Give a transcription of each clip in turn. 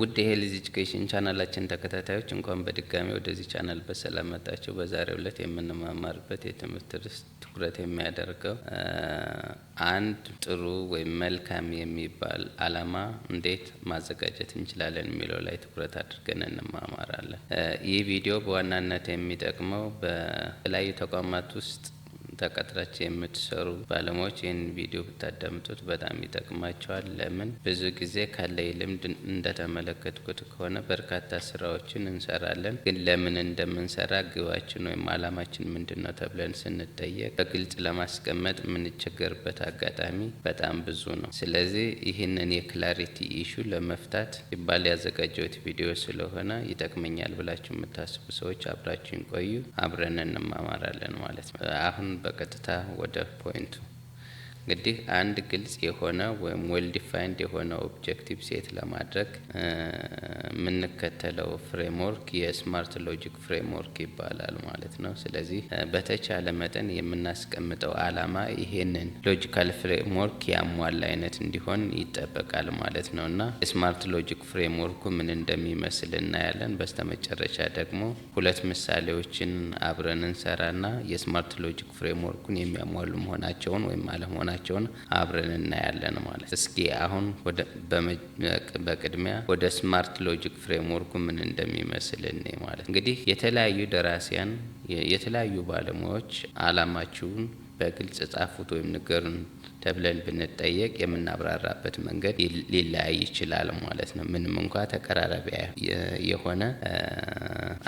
ውድ የሄልዝ ኤጁኬሽን ቻናላችን ተከታታዮች እንኳን በድጋሚ ወደዚህ ቻናል በሰላም በዛሬ በዛሬው ዕለት የምንማማርበት የትምህርት ርዕስ ትኩረት የሚያደርገው አንድ ጥሩ ወይም መልካም የሚባል ዓላማ እንዴት ማዘጋጀት እንችላለን የሚለው ላይ ትኩረት አድርገን እንማማራለን። ይህ ቪዲዮ በዋናነት የሚጠቅመው በተለያዩ ተቋማት ውስጥ ተቀጥራችሁ የምትሰሩ ባለሙያዎች ይህን ቪዲዮ ብታዳምጡት በጣም ይጠቅማቸዋል። ለምን ብዙ ጊዜ ካለይ ልምድ እንደተመለከትኩት ከሆነ በርካታ ስራዎችን እንሰራለን። ግን ለምን እንደምንሰራ ግባችን ወይም አላማችን ምንድን ነው ተብለን ስንጠየቅ በግልጽ ለማስቀመጥ የምንቸገርበት አጋጣሚ በጣም ብዙ ነው። ስለዚህ ይህንን የክላሪቲ ኢሹ ለመፍታት ሲባል ያዘጋጀሁት ቪዲዮ ስለሆነ ይጠቅመኛል ብላችሁ የምታስቡ ሰዎች አብራችን ቆዩ፣ አብረን እንማማራለን ማለት ነው። አሁን በቀጥታ ወደ ፖይንቱ እንግዲህ አንድ ግልጽ የሆነ ወይም ዌል ዲፋይንድ የሆነ ኦብጀክቲቭ ሴት ለማድረግ የምንከተለው ፍሬምወርክ የስማርት ሎጂክ ፍሬምወርክ ይባላል ማለት ነው። ስለዚህ በተቻለ መጠን የምናስቀምጠው አላማ ይሄንን ሎጂካል ፍሬምወርክ ያሟላ አይነት እንዲሆን ይጠበቃል ማለት ነው እና የስማርት ሎጂክ ፍሬምወርኩ ምን እንደሚመስል እናያለን። በስተመጨረሻ ደግሞ ሁለት ምሳሌዎችን አብረን እንሰራና የስማርት ሎጂክ ፍሬምወርኩን የሚያሟሉ መሆናቸውን ወይም አለመሆናቸው መሆናቸውን አብረን እናያለን ማለት። እስኪ አሁን በቅድሚያ ወደ ስማርት ሎጂክ ፍሬምወርኩ ምን እንደሚመስል እኔ ማለት እንግዲህ የተለያዩ ደራሲያን የተለያዩ ባለሙያዎች አላማችሁን በግልጽ ጻፉት ወይም ንገሩን ተብለን ብንጠየቅ የምናብራራበት መንገድ ሊለያይ ይችላል ማለት ነው። ምንም እንኳ ተቀራረቢያ የሆነ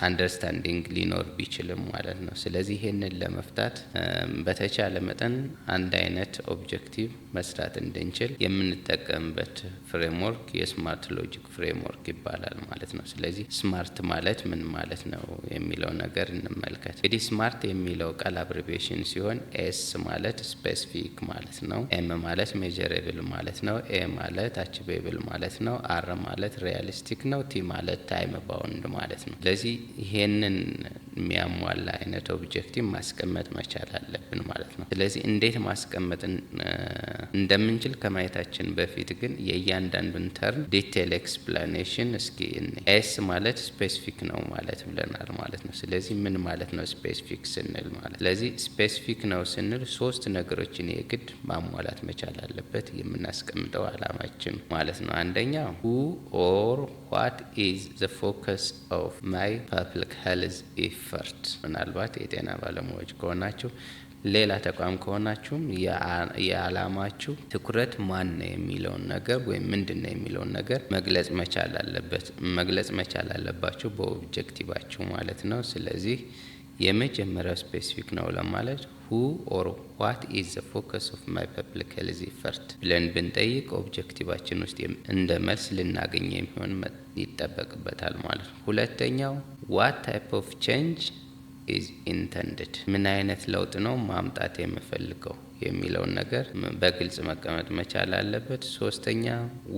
አንደርስታንዲንግ ሊኖር ቢችልም ማለት ነው። ስለዚህ ይህንን ለመፍታት በተቻለ መጠን አንድ አይነት ኦብጀክቲቭ መስራት እንድንችል የምንጠቀምበት ፍሬምወርክ የስማርት ሎጂክ ፍሬምወርክ ይባላል ማለት ነው። ስለዚህ ስማርት ማለት ምን ማለት ነው የሚለው ነገር እንመልከት። እንግዲህ ስማርት የሚለው ቃል አብሬቬሽን ሲሆን ኤስ ማለት ስፔሲፊክ ማለት ነው። ኤም ማለት ሜጀሬብል ማለት ነው። ኤ ማለት አችቤብል ማለት ነው። አር ማለት ሪያሊስቲክ ነው። ቲ ማለት ታይም ባውንድ ማለት ነው። ስለዚህ ይሄንን የሚያሟላ አይነት ኦብጀክቲቭ ማስቀመጥ መቻል አለብን ማለት ነው። ስለዚህ እንዴት ማስቀመጥ እንደምንችል ከማየታችን በፊት ግን የእያንዳንዱን ተርም ዲቴል ኤክስፕላኔሽን እስኪ ኤስ ማለት ስፔሲፊክ ነው ማለት ብለናል ማለት ነው። ስለዚህ ምን ማለት ነው ስፔሲፊክ ስንል ማለት ስለዚህ ስፔሲፊክ ነው ስንል ሶስት ነገሮችን የግድ ማሟላት መቻል አለበት የምናስቀምጠው አላማችን ማለት ነው። አንደኛ ሁ ኦር ዋት ኢዝ ዘ ፎከስ ኦፍ ማይ ፐብሊክ ሄልዝ ኢፈርት። ምናልባት የጤና ባለሙያዎች ከሆናችሁ ሌላ ተቋም ከሆናችሁም የዓላማችሁ ትኩረት ማን ነው የሚለውን ነገር ወይም ምንድን ነው የሚለውን ነገር መግለጽ መቻል አለበት መግለጽ መቻል አለባችሁ በኦብጀክቲቫችሁ ማለት ነው። ስለዚህ የመጀመሪያው ስፔሲፊክ ነው ለማለት who or what is the focus of my publicly effort ብለን ብንጠይቅ ኦብጀክቲቫችን ውስጥ እንደ መልስ ልናገኝ የሚሆን ይጠበቅበታል ማለት ነው። ሁለተኛው what type of change is intended ምን አይነት ለውጥ ነው ማምጣት የምፈልገው የሚለውን ነገር በግልጽ መቀመጥ መቻል አለበት። ሶስተኛ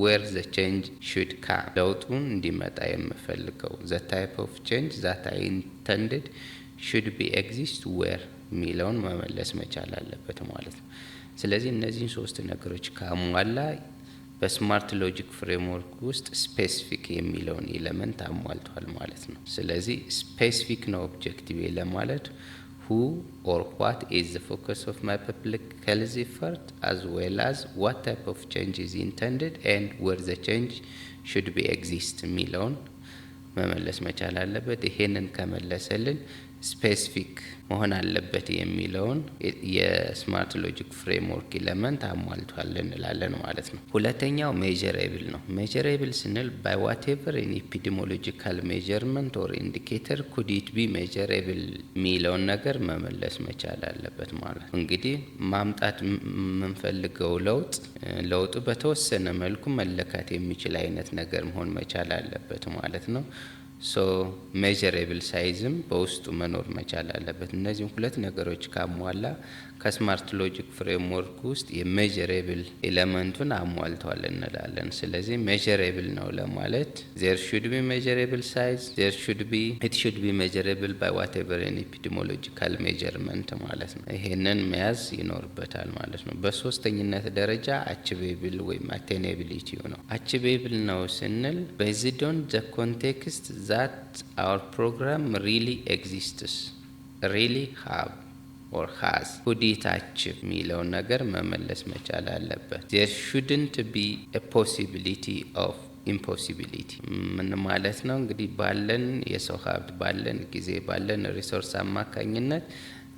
where the change should come ለውጡን እንዲመጣ የምፈልገው the type of change that I intended should be exist where የሚለውን መመለስ መቻል አለበት ማለት ነው። ስለዚህ እነዚህን ሶስት ነገሮች ካሟላ በስማርት ሎጂክ ፍሬምወርክ ውስጥ ስፔሲፊክ የሚለውን ኤለመንት አሟልቷል ማለት ነው። ስለዚህ ስፔሲፊክ ነው ኦብጀክቲቭ ለማለት ሁ ኦር ዋት ኢዝ ዘ ፎከስ ኦፍ ማይ ፐብሊካል ኤፈርት አዝ ዌል አዝ ዋት ታይፕ ኦፍ ቼንጅ ኢዝ ኢንተንድድ ኤንድ ዌር ዘ ቼንጅ ሹድ ቢ ኤግዚስት የሚለውን መመለስ መቻል አለበት። ይሄንን ከመለሰልን ስፔሲፊክ መሆን አለበት የሚለውን የስማርት ሎጂክ ፍሬምወርክ ኢለመንት አሟልቷል እንላለን ማለት ነው። ሁለተኛው ሜዥሬብል ነው። ሜዥሬብል ስንል ባይ ዋቴቨር ኢን ኢፒዲሞሎጂካል ሜዥርመንት ኦር ኢንዲኬተር ኩድ ኢት ቢ ሜዥሬብል የሚለውን ነገር መመለስ መቻል አለበት ማለት እንግዲህ ማምጣት የምንፈልገው ለውጥ ለውጡ በተወሰነ መልኩ መለካት የሚችል አይነት ነገር መሆን መቻል አለበት ማለት ነው። ሶ ሜዥሬብል ሳይዝም በውስጡ መኖር መቻል አለበት። እነዚህም ሁለት ነገሮች ካሟላ ከስማርት ሎጂክ ፍሬምወርክ ውስጥ የሜዥሬብል ኤሌመንቱን አሟልተዋል እንላለን። ስለዚህ ሜዥሬብል ነው ለማለት ዜር ሹድ ቢ ሜዥሬብል ሳይዝ ዜር ሹድ ቢ ኢት ሹድ ቢ ሜዥሬብል ባይ ዋቴቨር ኤን ኢፒዲሞሎጂካል ሜጀርመንት ማለት ነው። ይሄንን መያዝ ይኖርበታል ማለት ነው። በሶስተኝነት ደረጃ አችቤብል ወይም አቴኔቢሊቲው ነው። አችቤብል ነው ስንል በዚህ ዶን ዘ ኮንቴክስት that our program really exists, really have or has ወዴታችን የሚለውን ነገር መመለስ መቻል አለበት። there shouldn't be a possibility of ኢምፖሲቢሊቲ ምን ማለት ነው? እንግዲህ ባለን የሰው ሀብት ባለን ጊዜ ባለን ሪሶርስ አማካኝነት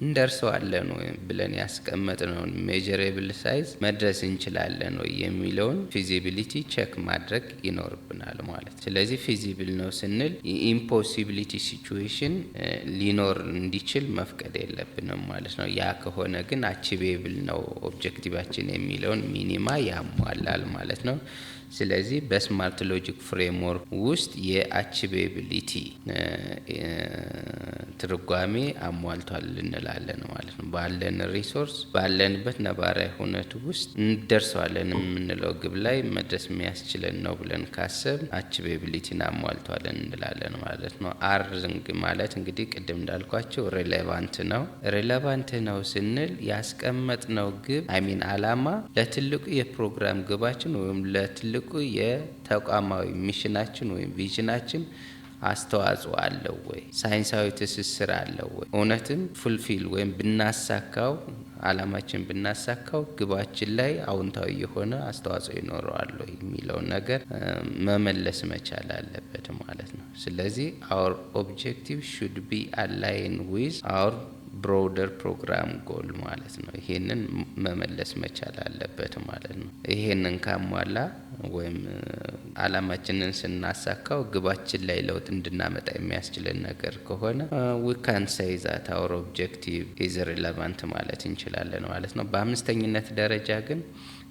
እንደርሰዋለን ብለን ያስቀመጥነውን ሜጀሬብል ሳይዝ መድረስ እንችላለን ወይ የሚለውን ፊዚቢሊቲ ቼክ ማድረግ ይኖርብናል ማለት። ስለዚህ ፊዚብል ነው ስንል የኢምፖሲቢሊቲ ሲቹዌሽን ሊኖር እንዲችል መፍቀድ የለብንም ማለት ነው። ያ ከሆነ ግን አቺቬብል ነው ኦብጀክቲቫችን የሚለውን ሚኒማ ያሟላል ማለት ነው። ስለዚህ በስማርት ሎጂክ ፍሬምወርክ ውስጥ የአችቤብሊቲ ትርጓሜ አሟልቷል እንላለን ማለት ነው። ባለን ሪሶርስ ባለንበት ነባራዊ ሁነት ውስጥ እንደርሰዋለን የምንለው ግብ ላይ መድረስ የሚያስችለን ነው ብለን ካሰብ አችቤብሊቲን አሟልቷለን እንላለን ማለት ነው። አር ማለት እንግዲህ ቅድም እንዳልኳቸው ሬሌቫንት ነው። ሬሌቫንት ነው ስንል ያስቀመጥነው ግብ አይሚን አላማ ለትልቁ የፕሮግራም ግባችን ወይም ለትልቁ ትልቁ የተቋማዊ ሚሽናችን ወይም ቪዥናችን አስተዋጽኦ አለው ወይ? ሳይንሳዊ ትስስር አለው ወይ? እውነትም ፉልፊል ወይም ብናሳካው አላማችን ብናሳካው ግባችን ላይ አውንታዊ የሆነ አስተዋጽኦ ይኖረዋል የሚለው ነገር መመለስ መቻል አለበት ማለት ነው። ስለዚህ አውር ኦብጀክቲቭ ሹድ ቢ አላይን ዊዝ አወር ብሮደር ፕሮግራም ጎል ማለት ነው። ይሄንን መመለስ መቻል አለበት ማለት ነው። ይሄንን ካሟላ ወይም አላማችንን ስናሳካው ግባችን ላይ ለውጥ እንድናመጣ የሚያስችልን ነገር ከሆነ ዊካን ሳይ ዛት ኦብጀክቲቭ ኢዝ ሪለቫንት ማለት እንችላለን ማለት ነው። በአምስተኝነት ደረጃ ግን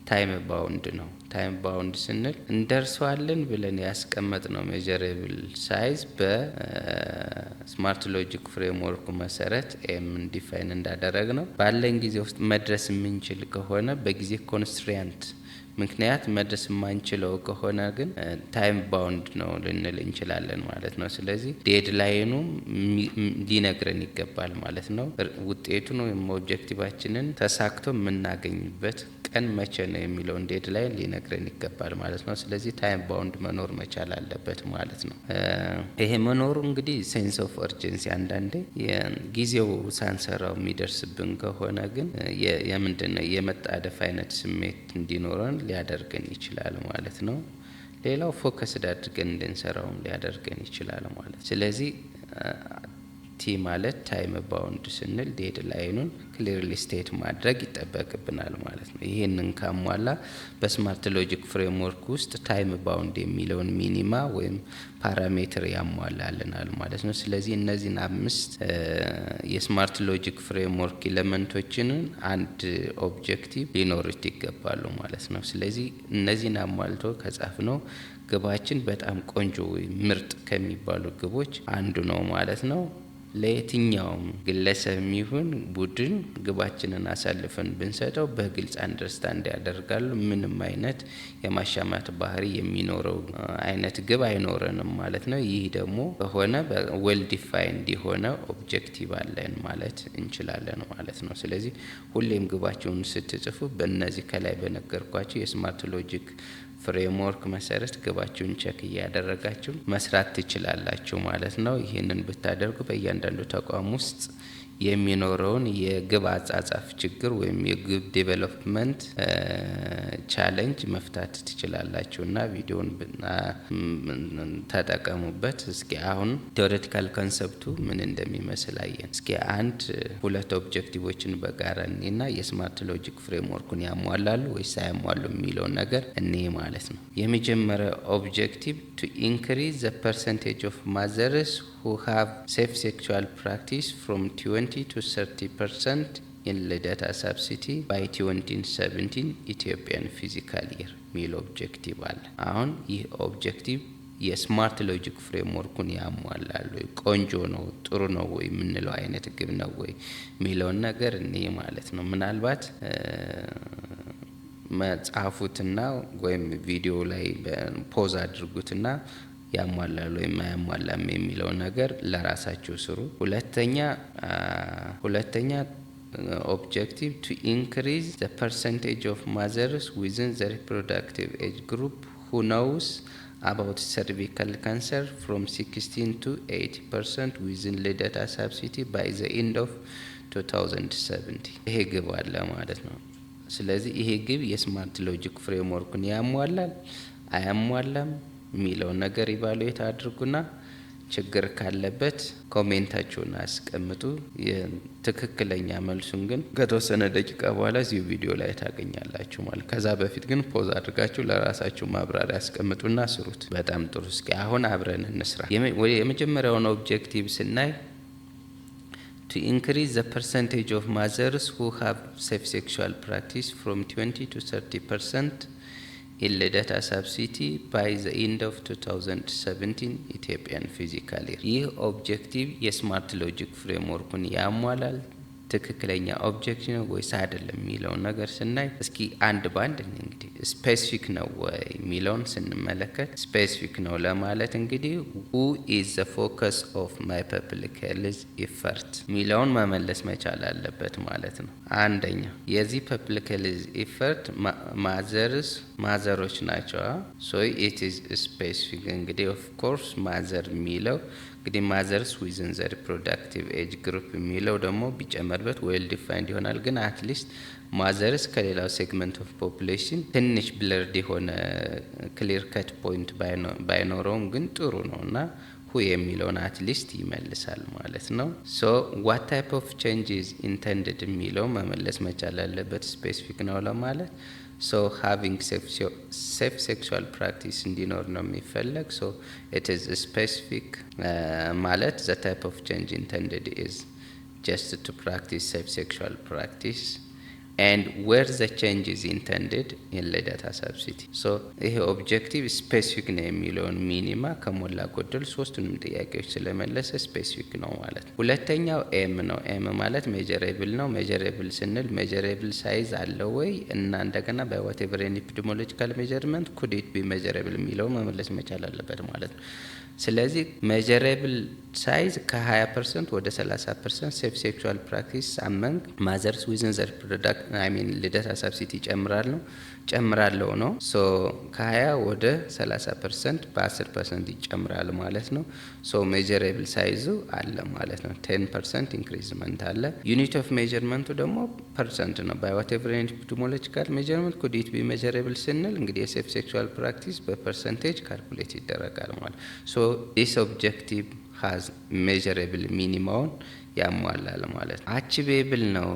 ታይም ባውንድ ነው። ታይም ባውንድ ስንል እንደርሰዋለን ብለን ያስቀመጥነው ሜዥሬብል ሳይዝ በስማርት ሎጂክ ፍሬምወርኩ መሰረት ኤም እንዲፋይን እንዳደረግ ነው ባለን ጊዜ ውስጥ መድረስ የምንችል ከሆነ በጊዜ ኮንስትሪያንት ምክንያት መድረስ የማንችለው ከሆነ ግን ታይም ባውንድ ነው ልንል እንችላለን ማለት ነው። ስለዚህ ዴድላይኑ ሊነግረን ይገባል ማለት ነው። ውጤቱን ወይም ኦብጀክቲቫችንን ተሳክቶ የምናገኝበት ቀን መቼ ነው የሚለውን ዴድላይን ሊነግረን ይገባል ማለት ነው። ስለዚህ ታይም ባውንድ መኖር መቻል አለበት ማለት ነው። ይሄ መኖሩ እንግዲህ ሴንስ ኦፍ ኦርጀንሲ አንዳንዴ ጊዜው ሳንሰራው የሚደርስብን ከሆነ ግን የምንድነው የመጣደፍ አይነት ስሜት እንዲኖረን ሊያደርገን ይችላል ማለት ነው። ሌላው ፎከስድ አድርገን እንድንሰራውም ሊያደርገን ይችላል ማለት ስለዚህ ቲ ማለት ታይም ባውንድ ስንል ዴድ ላይኑን ክሊርሊ ስቴት ማድረግ ይጠበቅብናል ማለት ነው። ይህንን ካሟላ በስማርት ሎጂክ ፍሬምወርክ ውስጥ ታይም ባውንድ የሚለውን ሚኒማ ወይም ፓራሜትር ያሟላልናል ማለት ነው። ስለዚህ እነዚህን አምስት የስማርት ሎጂክ ፍሬምወርክ ኢለመንቶችንን አንድ ኦብጀክቲቭ ሊኖሩት ይገባሉ ማለት ነው። ስለዚህ እነዚህን አሟልቶ ከጻፍ ነው ግባችን በጣም ቆንጆ ምርጥ ከሚባሉ ግቦች አንዱ ነው ማለት ነው። ለየትኛውም ግለሰብ የሚሆን ቡድን ግባችንን አሳልፈን ብንሰጠው በግልጽ አንደርስታንድ ያደርጋሉ። ምንም አይነት የማሻማት ባህሪ የሚኖረው አይነት ግብ አይኖረንም ማለት ነው። ይህ ደግሞ ከሆነ ዌል ዲፋይንድ የሆነ ኦብጀክቲቭ አለን ማለት እንችላለን ማለት ነው። ስለዚህ ሁሌም ግባችሁን ስትጽፉ በእነዚህ ከላይ በነገርኳቸው የስማርት ሎጂክ ፍሬምወርክ መሰረት ግባችሁን ቸክ እያደረጋችሁ መስራት ትችላላችሁ ማለት ነው። ይህንን ብታደርጉ በእያንዳንዱ ተቋም ውስጥ የሚኖረውን የግብ አጻጻፍ ችግር ወይም የግብ ዴቨሎፕመንት ቻለንጅ መፍታት ትችላላችሁ እና ቪዲዮን ተጠቀሙበት። እስኪ አሁን ቴዎሬቲካል ኮንሰፕቱ ምን እንደሚመስል አየን። እስኪ አንድ ሁለት ኦብጀክቲቮችን በጋራ እኔና የስማርት ሎጂክ ፍሬምወርኩን ያሟላሉ ወይስ አያሟሉ የሚለውን ነገር እኔ ማለት ነው። የመጀመሪያ ኦብጀክቲቭ ቱ ኢንክሪዝ ዘ ፐርሰንቴጅ ኦፍ ማዘርስ ሁ ሃቭ ሴፍ ሴክሹዋል ፕራክቲስ ፍሮም 20%-30% in Ledata subsidy by 2017 Ethiopian physical ሚል ኦብጀክቲቭ አለ። አሁን ይህ ኦብጀክቲቭ የስማርት ሎጂክ ፍሬምወርኩን ያሟላሉ ቆንጆ ነው፣ ጥሩ ነው ወይ የምንለው አይነት ግብ ነው ወይ የሚለውን ነገር እኔ ማለት ነው ምናልባት መጽሐፉትና ወይም ቪዲዮ ላይ ፖዝ አድርጉትና ያሟላል ወይም አያሟላም የሚለውን ነገር ለራሳችሁ ስሩ። ሁለተኛ ሁለተኛ ኦብጀክቲቭ ቱ ኢንክሪዝ ዘ ፐርሰንቴጅ ኦፍ ማዘርስ ዊዝን ዘ ሪፕሮዳክቲቭ ኤጅ ግሩፕ ሁ ኖውስ አባውት ሰርቪካል ካንሰር ፍሮም 16 ቱ 80 ፐርሰንት ዊዝን ልደታ ሳብሲቲ ባይ ዘ ኢንድ ኦፍ 2070 ይሄ ግብ አለ ማለት ነው። ስለዚህ ይሄ ግብ የስማርት ሎጂክ ፍሬምወርኩን ያሟላል አያሟላም የሚለውን ነገር ኢቫሉዌት አድርጉና ችግር ካለበት ኮሜንታችሁን አስቀምጡ። ትክክለኛ መልሱን ግን ከተወሰነ ደቂቃ በኋላ እዚሁ ቪዲዮ ላይ ታገኛላችሁ ማለት። ከዛ በፊት ግን ፖዝ አድርጋችሁ ለራሳችሁ ማብራሪያ አስቀምጡና ስሩት። በጣም ጥሩ። እስኪ አሁን አብረን እንስራ። የመጀመሪያውን ኦብጀክቲቭ ስናይ ቱ ኢንክሪዝ ዘ ፐርሰንቴጅ ኦፍ ማዘርስ ሁ ሃቭ ሴፍ ሴክሹዋል ፕራክቲስ ፍሮም 20 ቱ 30 ፐርሰንት in Ledata Sub-City by the end of 2017 ኢትዮጵያን ፊዚካል ይህ ኦብጀክቲቭ የስማርት ሎጂክ ፍሬምወርኩን ያሟላል። ትክክለኛ ኦብጀክት ነው ወይስ አይደለም የሚለውን ነገር ስናይ እስኪ አንድ በአንድ እንግዲህ ስፔሲፊክ ነው ወይ የሚለውን ስንመለከት ስፔሲፊክ ነው ለማለት እንግዲህ ሁ ኢዝ ዘ ፎከስ ኦፍ ማይ ፐብሊክ ሄልዝ ኢፈርት የሚለውን መመለስ መቻል አለበት ማለት ነው። አንደኛ የዚህ ፐብሊክ ሄልዝ ኢፈርት ማዘርስ ማዘሮች ናቸው። ሶ ኢት ኢዝ ስፔሲፊክ እንግዲህ ኦፍ ኮርስ ማዘር የሚለው እንግዲህ ማዘርስ ዊዝን ዘ ሪፕሮዳክቲቭ ኤጅ ግሩፕ የሚለው ደግሞ ቢጨመርበት ዌል ዲፋይንድ ይሆናል። ግን አትሊስት ማዘርስ ከሌላው ሴግመንት ኦፍ ፖፕሌሽን ትንሽ ብለርድ የሆነ ክሊር ከት ፖይንት ባይኖረውም ግን ጥሩ ነው እና ሁ የሚለውን አትሊስት ይመልሳል ማለት ነው። ሶ ዋት ታይፕ ኦፍ ቼንጅ ኢንተንድድ የሚለው መመለስ መቻል ያለበት ስፔሲፊክ ነው ለማለት So having sexual, safe sexual ፕራክቲስ እንዲኖር ነው የሚፈለግ። ሶ ኢት ኢዝ ስፔሲፊክ ማለት ዘ ታይፕ ኦፍ ቼንጅ ኢንተንደድ ኢዝ ጀስት ቱ ፕራክቲስ ሴፍ ሴክሹዋል ፕራክቲስ and where the change is intended in the data subsidy. so ይሄ ኦብጀክቲቭ ስፔሲፊክ ነው የሚለውን ሚኒማ ከሞላ ጎደል ሶስቱንም ጥያቄዎች ስለመለሰ ስፔሲፊክ ነው ማለት ነው። ሁለተኛው ኤም ነው። ኤም ማለት ሜጀሬብል ነው። ሜጀሬብል ስንል ሜጀሬብል ሳይዝ አለው ወይ እና እንደገና በዋቴቨር ኢፒዲሞሎጂካል ሜጀርመንት ኩድ ኢት ቢ ሜጀሬብል የሚለው መመለስ መቻል አለበት ማለት ነው። ስለዚህ ሜጀሬብል ሳይዝ ከ20 ፐርሰንት ወደ 30 ፐርሰንት ሴፍ ሴክሹዋል ፕራክቲስ አመንግ ማዘርስ ዊዝን ዘር ፕሮዳክት አይሚን ልደታ ሰብሲቲ ጨምራለሁ ጨምራለሁ ነው። ሶ ከ20 ወደ 30 ፐርሰንት በ10 ፐርሰንት ይጨምራል ማለት ነው። ሶ ሜጀሬብል ሳይዙ አለ ማለት ነው። 10 ፐርሰንት ኢንክሪዝመንት አለ። ዩኒት ኦፍ ሜጀርመንቱ ደግሞ ፐርሰንት ነው። ባይ ዋቴቨር ሜጀርመንት ኩዲት ቢ ሜጀሬብል ስንል እንግዲህ የሴፍ ሴክሹዋል ፕራክቲስ በፐርሰንቴጅ ካልኩሌት ይደረጋል ማለት ሶ ዲስ ኦብጀክቲቭ ሀዝ ሜጀሬብል ሚኒማውን ያሟላል ማለት ነው። አችቤብል ነው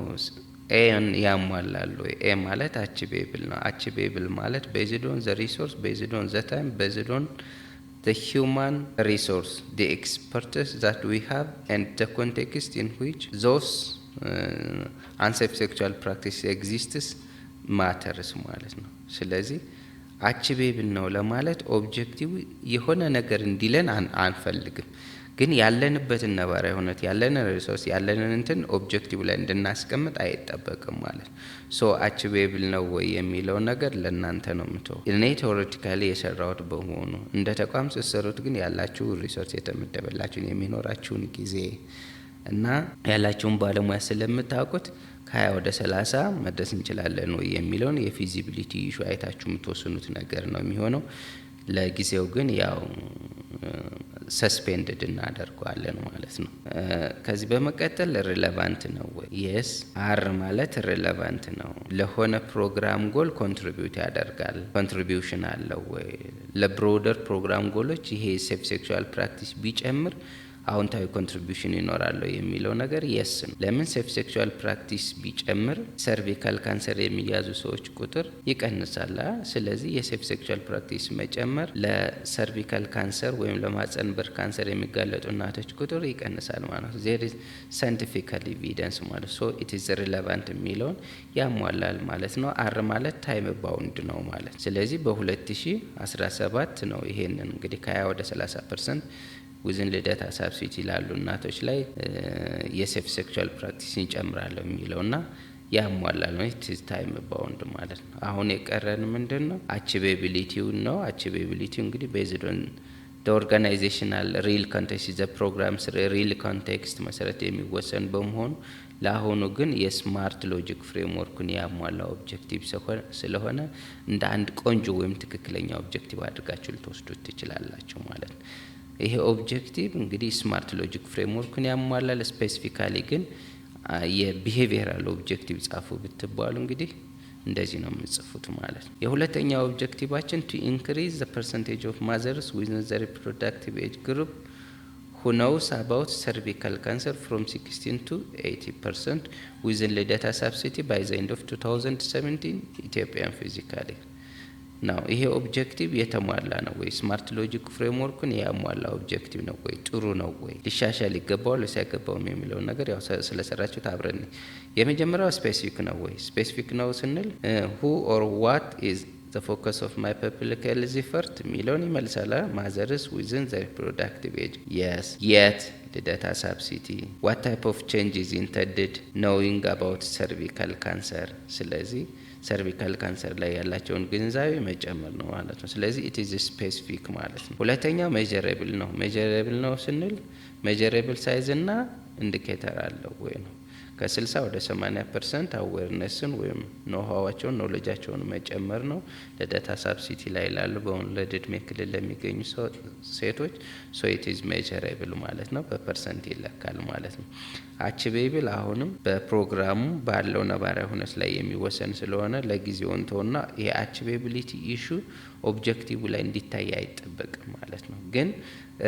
ኤን ያሟላሉ። ኤ ማለት አችቤብል ነው። አችቤብል ማለት ቤዝዶን ዘ ሪሶርስ ቤዝዶን ዘ ታይም ቤዝዶን ዘ ሂውማን ሪሶርስ ዘ ኤክስፐርትስ ዛት ዊ ሃቭ ኤንድ ዘ ኮንቴክስት ኢን ዊች ዞስ አንሴፍ ሴክቹዋል ፕራክቲስ ኤግዚስትስ ማተርስ ማለት ነው። ስለዚህ አችቤብል ነው ለማለት ኦብጀክቲቭ የሆነ ነገር እንዲለን አንፈልግም። ግን ያለንበትን ነባራዊ እውነት ያለንን ሪሶርስ ያለንን እንትን ኦብጀክቲቭ ላይ እንድናስቀምጥ አይጠበቅም ማለት ሶ አችቤብል ነው ወይ የሚለው ነገር ለእናንተ ነው የምትሆ እኔ ቴዎሬቲካሊ የሰራሁት በመሆኑ እንደ ተቋም ስሰሩት ግን ያላችሁ ሪሶርስ የተመደበላችሁን የሚኖራችሁን ጊዜ እና ያላችሁን ባለሙያ ስለምታውቁት ከሀያ ወደ ሰላሳ መድረስ እንችላለን ወይ የሚለውን የፊዚቢሊቲ ኢሹ አይታችሁ የምትወስኑት ነገር ነው የሚሆነው። ለጊዜው ግን ያው ሰስፔንድድ እናደርገዋለን ማለት ነው። ከዚህ በመቀጠል ሪለቫንት ነው ወይ? የስ አር ማለት ሪለቫንት ነው። ለሆነ ፕሮግራም ጎል ኮንትሪቢዩት ያደርጋል ኮንትሪቢዩሽን አለው ወይ? ለብሮደር ፕሮግራም ጎሎች ይሄ ሴፍ ሴክሹዋል ፕራክቲስ ቢጨምር አዎንታዊ ኮንትሪቢሽን ይኖራለሁ የሚለው ነገር የስ ነው። ለምን ሴፍ ሴክሹዋል ፕራክቲስ ቢጨምር ሰርቪካል ካንሰር የሚያዙ ሰዎች ቁጥር ይቀንሳል። ስለዚህ የሴፍ ሴክሹዋል ፕራክቲስ መጨመር ለሰርቪካል ካንሰር ወይም ለማህጸን በር ካንሰር የሚጋለጡ እናቶች ቁጥር ይቀንሳል ማለት ነው። ዜር ሳይንቲፊካል ኤቪደንስ ማለት ሶ ኢት ኢዝ ሪለቫንት የሚለውን ያሟላል ማለት ነው። አር ማለት ታይም ባውንድ ነው ማለት ስለዚህ በ2017 ነው ይሄንን እንግዲህ ከ20 ወደ 30 ፐርሰንት ውዝን ልደታ ሳብሲዲ ላሉ እናቶች ላይ የሴፍ ሴክቹዋል ፕራክቲስ እንጨምራለሁ የሚለው ና ያሟላል ነው ቲዝ ታይም ባውንድ ማለት ነው። አሁን የቀረን ምንድን ነው? አችቤቢሊቲው ነው። አቺቤቢሊቲው እንግዲህ ቤዝዶን ኦርጋናይዜሽናል ሪል ኮንቴክስት ዘ ፕሮግራምስ ሪል ኮንቴክስት መሰረት የሚወሰን በመሆኑ ለአሁኑ ግን የስማርት ሎጂክ ፍሬምወርኩን ያሟላ ኦብጀክቲቭ ስለሆነ እንደ አንድ ቆንጆ ወይም ትክክለኛ ኦብጀክቲቭ አድርጋችሁ ልትወስዱት ትችላላችሁ ማለት ነው። ይሄ ኦብጀክቲቭ እንግዲህ ስማርት ሎጂክ ፍሬምወርክን ያሟላል። ስፔሲፊካሊ ግን የቢሄቪየራል ኦብጀክቲቭ ጻፉ ብትባሉ እንግዲህ እንደዚህ ነው የምጽፉት ማለት ነው። የሁለተኛ ኦብጀክቲቫችን ቱ ኢንክሪዝ ዘ ፐርሰንቴጅ ኦፍ ማዘርስ ዊዝን ዘ ሪፕሮዳክቲቭ ኤጅ ግሩፕ ሁ ኖውስ አባውት ሰርቪካል ካንሰር ፍሮም 16 ቱ 80 ፐርሰንት ዊዝን ልደታ ሳብሲቲ ባይ ዘ ኤንድ ኦፍ 2017 ኢትዮጵያን ፊዚካሊ ነው። ይሄ ኦብጀክቲቭ የተሟላ ነው ወይ? ስማርት ሎጂክ ፍሬምወርኩን ያሟላ ኦብጀክቲቭ ነው ወይ? ጥሩ ነው ወይ? ሊሻሻል ይገባዋል ወይስ አይገባውም የሚለውን ነገር ያው ስለሰራችሁት አብረን። የመጀመሪያው ስፔሲፊክ ነው ወይ? ስፔሲፊክ ነው ስንል ሁ ኦር ዋት ኢዝ ፎከስ ኦፍ ማይ ፐብሊክ ሄልዝ ኢፈርት የሚለውን ይመልሳል። ማዘርስ ዊዝን ዘ ሪፕሮዳክቲቭ ኤጅ የስ የት ልደታ ሳብሲቲ ዋት ታይፕ ኦፍ ቼንጅ ኢዝ ኢንተንድድ ኖዊንግ አባውት ሰርቪካል ካንሰር ስለዚህ ሰርቪካል ካንሰር ላይ ያላቸውን ግንዛቤ መጨመር ነው ማለት ነው። ስለዚህ ኢት ኢዝ ስፔሲፊክ ማለት ነው። ሁለተኛ ሜጀረብል ነው። ሜጀረብል ነው ስንል ሜጀረብል ሳይዝ እና ኢንዲኬተር አለው ወይ ነው። ከ ከ60 ወደ 80 ፐርሰንት አዌርነስን ወይም ኖሃዋቸውን ኖሌጃቸውን መጨመር ነው። ለዳታ ሳብሲቲ ላይ ላሉ በወለድ እድሜ ክልል ለሚገኙ ሴቶች ሶይቲዝ ሜጀረብል ማለት ነው። በፐርሰንት ይለካል ማለት ነው። አችቤብል አሁንም በፕሮግራሙ ባለው ነባራዊ ሁነት ላይ የሚወሰን ስለሆነ ለጊዜው እንተውና የአችቤቢሊቲ ኢሹ ኦብጀክቲቭ ላይ እንዲታይ አይጠበቅም ማለት ነው ግን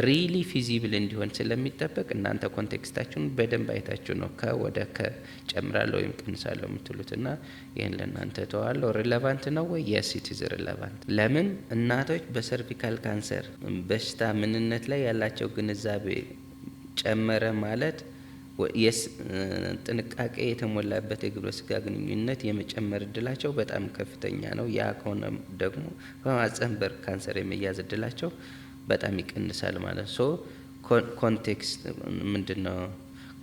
ሪሊ ፊዚብል እንዲሆን ስለሚጠበቅ እናንተ ኮንቴክስታችሁን በደንብ አይታችሁ ነው ወደ ከ ጨምራለሁ ወይም ቀንሳለሁ የምትሉት እና ይህን ለእናንተ ተዋለሁ። ሪለቫንት ነው ወይ? የስ ኢትዝ ሪለቫንት። ለምን እናቶች በሰርቪካል ካንሰር በሽታ ምንነት ላይ ያላቸው ግንዛቤ ጨመረ ማለት ጥንቃቄ የተሞላበት የግብረ ስጋ ግንኙነት የመጨመር እድላቸው በጣም ከፍተኛ ነው። ያ ከሆነ ደግሞ በማጸንበር ካንሰር የመያዝ እድላቸው በጣም ይቀንሳል ማለት ሶ ኮንቴክስት ምንድን ነው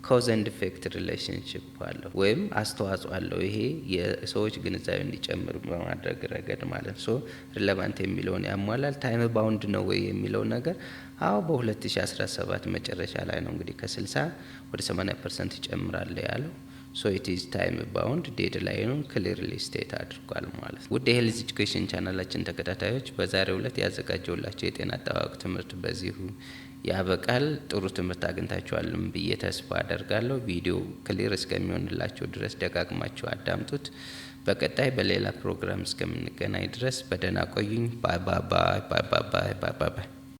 ኮዝ ኤንድ ኢፌክት ሪሌሽንሽፕ አለው ወይም አስተዋጽኦ አለው። ይሄ የሰዎች ግንዛቤ እንዲጨምር በማድረግ ረገድ ማለት ሶ ሪለቫንት የሚለውን ያሟላል። ታይም ባውንድ ነው ወይ የሚለው ነገር አዎ፣ በ2017 መጨረሻ ላይ ነው እንግዲህ ከ60 ወደ 80 ፐርሰንት ይጨምራል ያለው ሶ ኢት ኢዝ ታይም ባውንድ ዴድ ላይኑን ክሊርሊ ስቴት አድርጓል ማለት ነው። ውድ የሄልዝ ኤጁኬሽን ቻናላችን ተከታታዮች በዛሬው ዕለት ያዘጋጀውላቸው የጤና አጠባበቅ ትምህርት በዚሁ ያበቃል። ጥሩ ትምህርት አግኝታችኋልም ብዬ ተስፋ አደርጋለሁ። ቪዲዮ ክሊር እስከሚሆንላቸው ድረስ ደጋግማችሁ አዳምጡት። በቀጣይ በሌላ ፕሮግራም እስከምንገናኝ ድረስ በደህና ቆዩኝ። ባይ ባይ ባይ ባይ ባይ ባይ ባይ